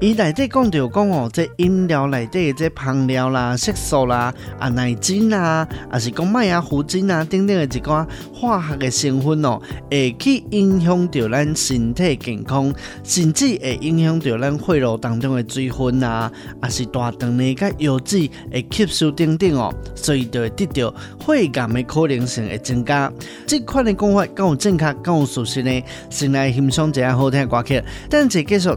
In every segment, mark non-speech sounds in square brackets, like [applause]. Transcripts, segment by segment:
伊以底啲講就講哦，即飲料裏邊即烹料啦、色素啦、啊奶精啊，還是講麥芽糊精啊，等等、啊、的一啲化學嘅成分哦、喔，會去影響到咱身體健康，甚至會影響到咱血肉當中嘅水分啊，還是大腸呢個油脂會吸收，等等哦，所以就會得到血癌嘅可能性會增加。即塊嘢講法有正確、咁屬實呢，先嚟欣賞一下好聽嘅歌曲，等一繼續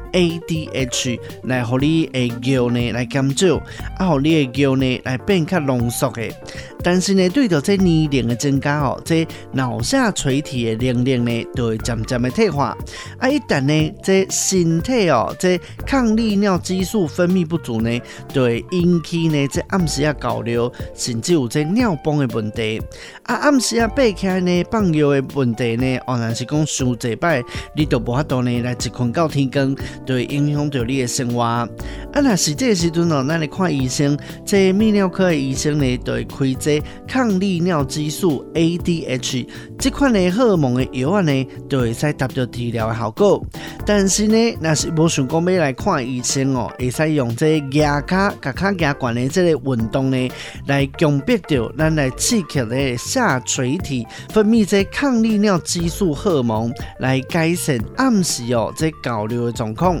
A D H 來互你嘅尿呢來減少，啊互你嘅尿呢來變卡濃縮嘅。但是呢，對著只年齡嘅增加哦，只腦下垂體嘅年齡呢，都會漸漸嘅退化。啊，一旦呢，只身體哦，只抗利尿激素分泌不足呢，會引起呢，只暗時啊高尿，甚至有只尿崩嘅問題。啊，暗時啊爬起來呢放尿嘅問題呢，當、哦、然是講上一拜你都無法度呢，來一困到天光。會影響到你嘅生活。啊，那是即個時陣哦，咱來看醫生，即、這個、泌尿科嘅醫生咧，會開即抗利尿激素 （ADH） 這款咧荷爾蒙嘅藥啊咧，就會使達到治療嘅效果。但是呢，那是無想過要來看醫生哦，會使用即壓卡、壓卡、壓管嘅即個運動咧，來強迫着咱來刺激咧下垂體分泌即抗利尿激素荷爾蒙，來改善暗時哦即高血壓狀況。這個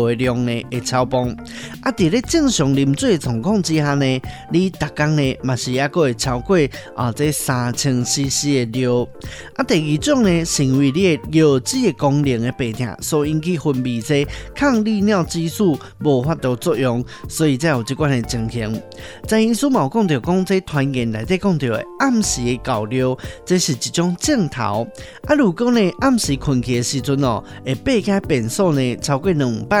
量呢會超崩，啊！佇咧正常飲水狀況之下呢，你逐工呢嘛是一個會超過啊即三千 cc 的尿。啊，第二種呢，成為你有機的功能嘅病變所引起分泌些抗利尿激素，無法度作用，所以才有即款嘅情形。在於蘇某講到講這團員內底講到暗時嘅尿，即是一種正頭啊，如果呢暗時睏覺時陣哦、喔，會夜間變數呢超過兩百。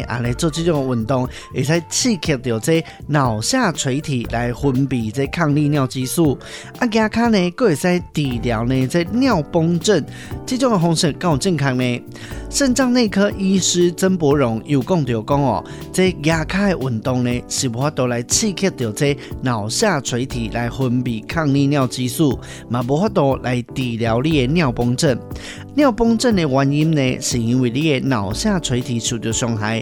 啊！來做這種運動，會使刺激到腦下垂體來分泌抗利尿激素。阿加卡呢，可以治療呢，尿崩症這種方式高健康呢。腎臟內科醫師曾伯榮有共聊講哦，這亞卡運動呢，是無法度來刺激到腦下垂體來分泌抗利尿激素，嘛無法度來治療你嘅尿崩症。尿崩症嘅原因呢，是因為你嘅腦下垂體受到傷害。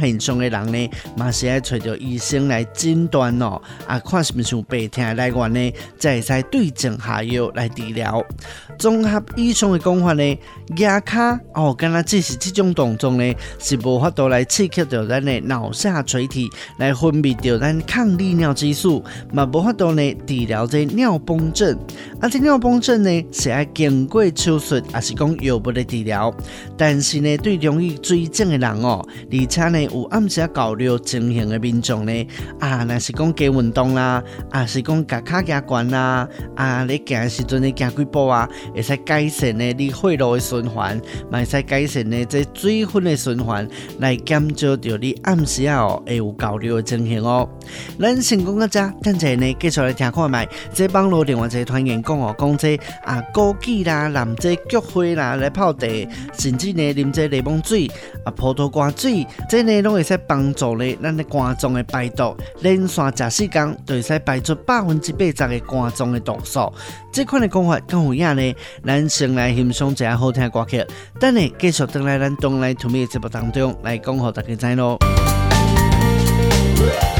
患上的人呢，麻係要找着醫生來診斷哦，啊，看是唔是白疼嘅嚟講呢，才會使對症下藥來治療。綜合醫生的講法呢，壓卡哦，咁、喔、啊，只是這種動作呢，是無法度來刺激到咱的腦下垂體來分泌到咱抗利尿激素，嘛，無法度呢治療這尿崩症。啊，這尿崩症呢，是要經過手術，還是講藥物嚟治療？但是呢，對容易追症的人哦、喔，而且呢。有暗時啊，交流情形嘅民眾呢啊，若是講加運動啦，啊是講加卡加管啦啊，你行嘅時陣呢，行幾步啊，會使改善呢你血路嘅循環，買使改善呢即水分嘅循環，來減少到你暗時哦會有交流嘅情形哦。咱先講到遮，等陣呢繼續嚟聽看咪，即網路另外一個團員講哦，講即啊，枸杞啦、藍茶菊花啦來泡茶，甚至呢啉即檸檬水、啊葡萄乾水，即呢。都會使幫助你，咱啲肝臟嘅排毒，連續十四天，就會使排出百分之八十嘅肝臟嘅毒素。即款嘅功法咁好聽咧，咱先嚟欣賞一下好聽嘅歌曲，等你繼續等嚟，咱當日做咩節目當中嚟講，學大家知咯。 [music]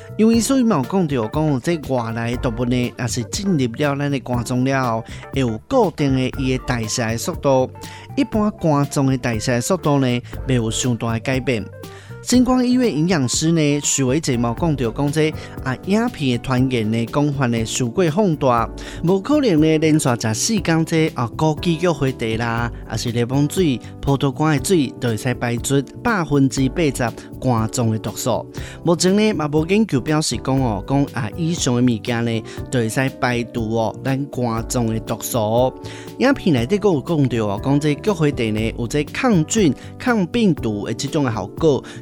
因為所以，我講着講，這外來的動物呢，也是進入了咱嘅肝臟了後，會有固定嘅伊的代謝的速度。一般肝臟的代謝的速度呢，沒有相大嘅改變。星光醫院營養師呢，徐偉傑毛講到講，即啊影片嘅團言呢，廣泛呢，受過放大，無可能呢，連續食四天即啊枸杞菊花茶啦，啊是檸檬水、葡萄乾嘅水，都會使排出百分之八十肝臟嘅毒素。目前呢，嘛，無研究表示講哦，講啊，以上嘅物件呢，都會使排毒哦，咱肝臟嘅毒素。影片內底佫有講到哦，講即菊花茶呢，有即抗菌、抗病毒誒，這種嘅效果。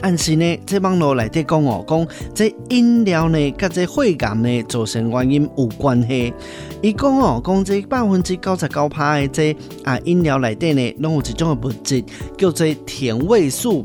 但是呢，即網絡內底講哦，講即飲料呢，甲即血癌呢造成原因有關係。佢講哦，講即百分之九十九派嘅即啊飲料內底呢，攏有一種物質叫做甜味素。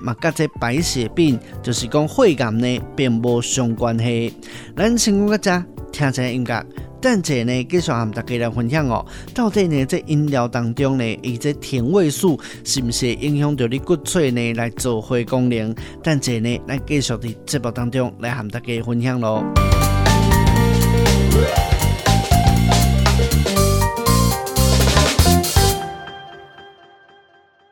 咪家只白血病，就是講血癌呢，並冇相關係。咱先講家聽下音樂，等陣呢繼續和大家嚟分享哦。到底呢，喺、這、飲、個、料當中呢，以隻甜味素，是不是影響到你骨髓呢，嚟做血功能？等陣呢，我繼續喺節目當中嚟和大家分享咯。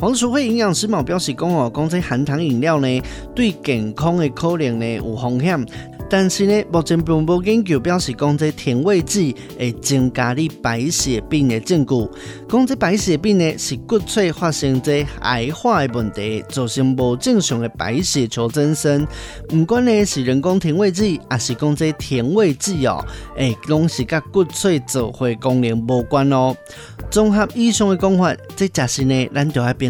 黃淑慧營養師表示講哦，講啲含糖飲料呢，對健康嘅可能呢有風險，但是呢目前並無研究表示講啲甜味劑會增加你白血病的證據。講啲白血病呢是骨髓發生咗癌化嘅問題，造成無正常嘅白血球增生。唔管，呢係人工甜味劑，還是講啲甜味劑哦，誒、欸，攏是甲骨髓造血功能無關咯、哦。綜合以上的講法，即係是呢，咱就要邊。